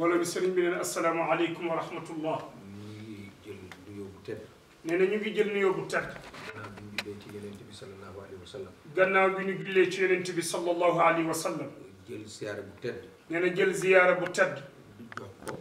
mbooloo mi sëriñ bi nee na asalaamaaleykum wa rahmatullah. ñu ngi jël nuyoo bu tedd. nee na ñu ngi jël nuyoo bu tedd. gannaaw bi ñu jullee ci yonent bi sallallahu alayhi wa sallam. gannaaw bi ñu jullee ci yonent bi sallallahu alayhi wa sallam. jël ziyaara bu tedd. nee na jël ziyaara bu tedd. jox ko.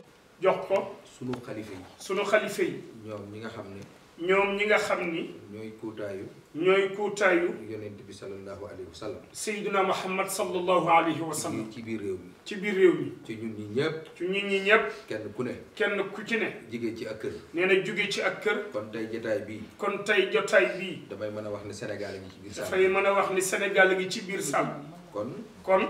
jox ko. sunu xalifa yi. sunu xalifa yi. ñoom ñi nga xam ne. ñoom ñi nga xam ni. ñooy kuutaayu. ñooy kuutaayu. yonent bi sallallahu alayhi wa sallam. Seydina Muhammad sallallahu alayhi wa sallam. ci biir réew mi. ci biir réew mi. ci ñun ñi ñëpp. ci ñun ñi ñëpp. kenn ku ne. kenn ku ci ne. jugee ci ak kër. nee na jugee ci ak kër. kon tey jotaay bii. kon tey jotaay bii. damay mën a wax ni Sénégal a ngi ci biir Sall. dafay mën a wax ni Sénégal a ngi ci biir Sall. kon kon.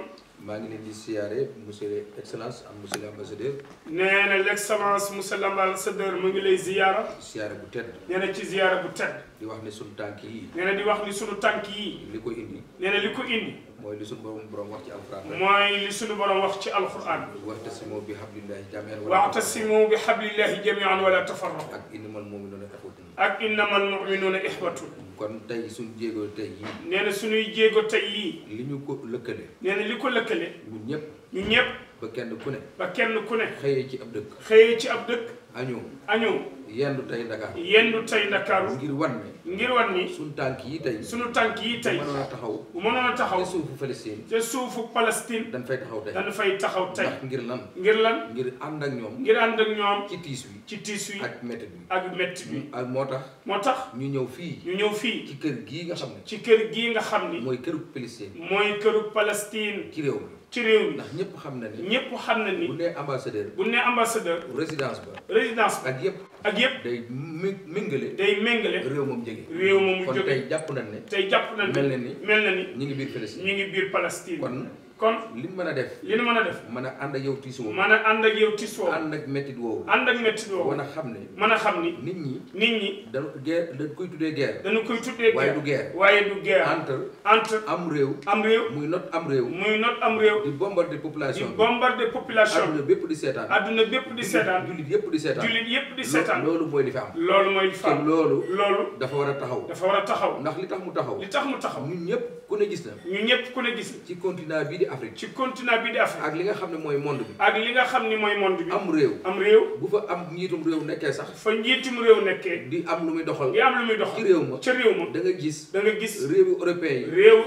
maa ngi leen di siyaare monsieur l'excellence ak monsieur l'ambassadeur. nee na l'excellence monsieur l'ambassadeur mu ngi lay ziyaara. ziyaara bu tedd. nee na ci ziyaara bu tedd. di wax ni sunu tànk yi nee di wax ni sunu tànk yi li ko indi. nee na li ko indi. mooy li sunu borom borom wax ci alxuraan. mooy li sunu borom wax ci alxuraan. wa'tasimu bi hablillahi jami'an. wa'tasimu bi hablillahi jami'an wala tafarraqu. ak innamal mu'minuna ixwatun. ak kon tey suñu jéego tey yii. nee na suñuy jéego tey yii. li ñu ko lëkkale. nee na li ko lëkkale. bu ñëpp. ñun ñëpp. ba kenn ku ne. ba kenn ku ne. xëyee ci ab dëkk. xëyee ci ab dëkk. añoo. añoo. yendu tey Dakar. yendu tey Dakar. ngir wan ni. ngir wan ni. suñu tànk yi tey. suñu tànk yi tey. mënoon a taxaw. mënoon a taxaw. te suufu Palestine. te suufu Palestine. dañ fay taxaw tey. dañ taxaw tey. ngir lan. ngir lan. ngir ànd ak ñoom. ngir ànd ak ñoom. ci tiis wi. ci tiis wi. ak métti bi. a métti ak moo tax. moo tax. ñu ñëw fii. fii. ci kër gii nga xam ne. ci kër gii nga xam ni. mooy këru Palestine. mooy këru Palestine. ci réew mi ci réew mi. ndax ñëpp xam na ni. ñëpp xam na ni. bu nee ambassadeur. bu nee ambassadeur. résidence ba. résidence ba ak yëpp. ak yëpp day méngale. day méngale réew moom jóge. réew moomu jóge kon tey jàpp nañ ne. tey jàpp nañ ne mel na ni. mel na ni ñu ngi biir Palestine. ñu ngi biir Palestine kon. kon li mu mën a def li nu mën a def man a ànd ak yow tiis woowu mën a ànd ak yow tiis woowu ànd ak méttit woowu ànd ak méttit woowu mën a xam ne mën a xam ni nit ñi nit ñi dañu guerre dañ koy tuddee guerre dañu koy tuddee waaye du guerre waaye du guerre entre entre am réew am réew muy not am réew muy not am réew di bombarder population di bombarder population adduna bépp di seetaan adduna bépp di seetaan jullit yëpp di seetaan jullit yëpp di seetaan loolu mooy li fi am loolu mooy li fi loolu loolu war a taxaw dafa war taxaw ndax li tax mu taxaw li tax mu taxaw ñun ñëpp ku ne Afrique. ci continent bi di Afrique. ak li nga xam ne mooy monde bi. ak li nga xam ne mooy monde bi. am réew. bu fa am njiitum réew nekkee sax. fa njiitum réew nekkee. di am lu muy doxal. am lu muy doxal ci réew ma. ca réew ma da nga gis. da nga gis réewu européen yi. réewu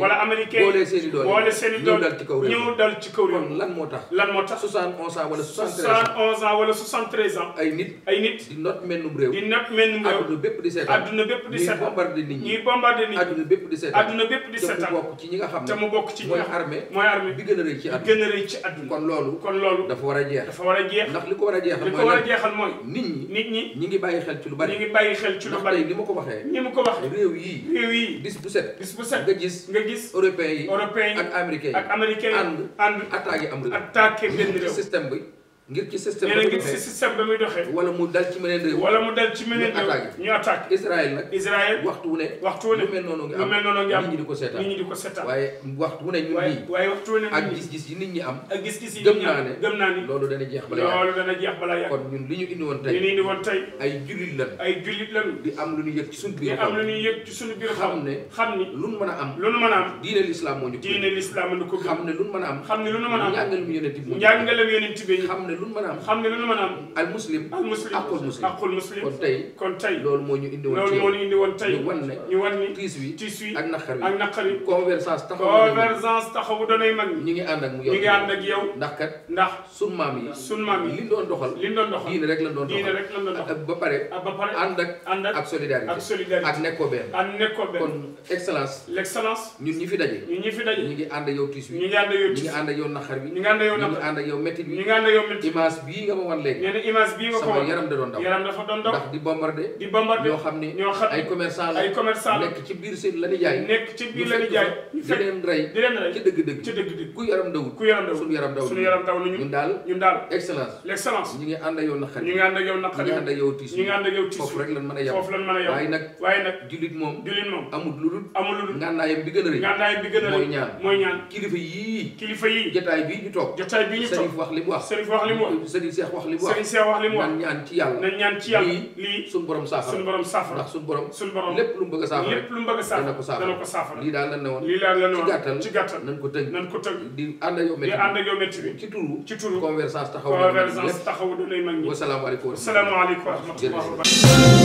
wala américain ci kaw réew mi ñëw dal ci réew mi kon lan moo tax. lan moo tax 71 ans wala 73 ans. 71 ans wala 73 ans. ay nit. ay nit di not mennum réew. di not mennum réew. adduna bépp di seetaan adduna bépp di seetaan ñuy bombardé nit ñi. ñuy bombardé nit ñi adduna bépp di te mu bokk ci ñi nga xam armée mooy armée bi gën a ci àdduna gën a rëy ci àdduna kon loolu kon loolu dafa war a jeex a ndax li ko war a jeexal li ko war a jeexal mooy nit ñi nit ñi ñi ngi bàyyi xel ci lu bari ñi ngi bàyyi xel ci lu bari ndax tey ni ma ko waxee ni ma ko waxee réew yii réew yii bis bu set bis bu set nga gis nga gis européens yi européens yi ak américains yi ak américains yi ànd ànd attaqué am système bi ngir ci système bi ngir ci système bi muy doxee. wala mu dal ci meneen réew. wala mu dal ci meneen réew ñu attaqué Israël nag. Israël waxtu wu ne. waxtu nit ñi di ko seetaan waaye waxtu ne ñun ñii. ak gis-gis yi nit ñi am. loolu dana jeex balaa yàgg. kon ñun li ñu indi woon ay jullit lan. di am lu ñu yëg ci suñu biir. xam ne. xam ni lu ñu a am. lu ñu mën a am diine l'islam moo ñu diine l'islam moo ñu ko xam ne lu ñu a am. xam ne lu ñu mën a am njàngalem yonent bi. njàngalem yonent bi lu nu mën a am. xam ne lu nu mën a am. al muslim. al muslim akul muslim akul muslim. kon tey kon tey loolu moo ñu indi woon. loolu moo ñu indi woon tey ñu wan ne. ñu wan ni tiis wi tiis wi ak naqar wi ak naqar wi. convergence taxawu convergence taxawu doonay mag ñi. ñu ngi ànd ak yow ñu ngi ànd ak yow. ndax kat ndax sun maam yi. sun maam yi li ñu doon doxal. li ñu doon doxal diine rek la doon doxal diine rek la doon doxal. ba pare ba pare ànd ak. ànd ak solidarité ak solidarité ak nekkoo benn. ak nekkoo benn kon excellence. l' excellence. ñun ñi fi daje. ñun ñi fi daje ñu ngi ànd yow tiis wi. ñu ngi ànd yow tiis ñu ngi ànd yow naqar wi. ñu ngi ànd yow naqar ñu ngi ànd yow métti wi. ñu ngi ànd yow métti image bii nga ma wan léegi. nee na image bii nga ko wan sama yaram da doon daw. yaram dafa doon daw ndax di bombardé. di bombardé ñoo xam ni ay commerçant la ay commerçant la nekk ci biir seen la ñu jaay. nekk ci biir la ñu jaay ñu fekk di leen rey di leen rey ci dëgg-dëgg. ci dëgg-dëgg ku yaram dawul. ku yaram dawul suñu yaram dawul suñu yaram dawul ñun daal ñun daal excellence. l' excellence ñu ngi ànd ak yow naqari. ñu ngi ànd ak yow naqari ñu ngi ànd ak yow tiis. ñu ngi ànd ak yow tiis foofu rek lan mën a yow foofu lan mën a yow waaye nag waaye nag jullit moom jullit moom amul lu dul amul lu dul ngànnaayam bi gën a rëy ngànnaayam bi gën a rëy mooy ñaan mooy ñaan kilifa yii kilifa yii jotaay bii ñu toog jotaay bii ñu toog sëriñ wax li mu wax sëriñ wax li mu wax Serigne Cheikh wax li mu wax Serigne Cheikh borom saafara suñu borom borom lépp lu mu bëgg a saafara lépp a ko saafara dana ko saafara lii daal lan ne woon lii daal lan ne woon ci gàttal ci ko tënk nañ ko tënk di ànd ak yow métti di ànd bi ci turu ci turu conversation taxaw conversation taxaw doonay mag ñi wasalaamaaleykum wasalaamaaleykum wa rahmatulah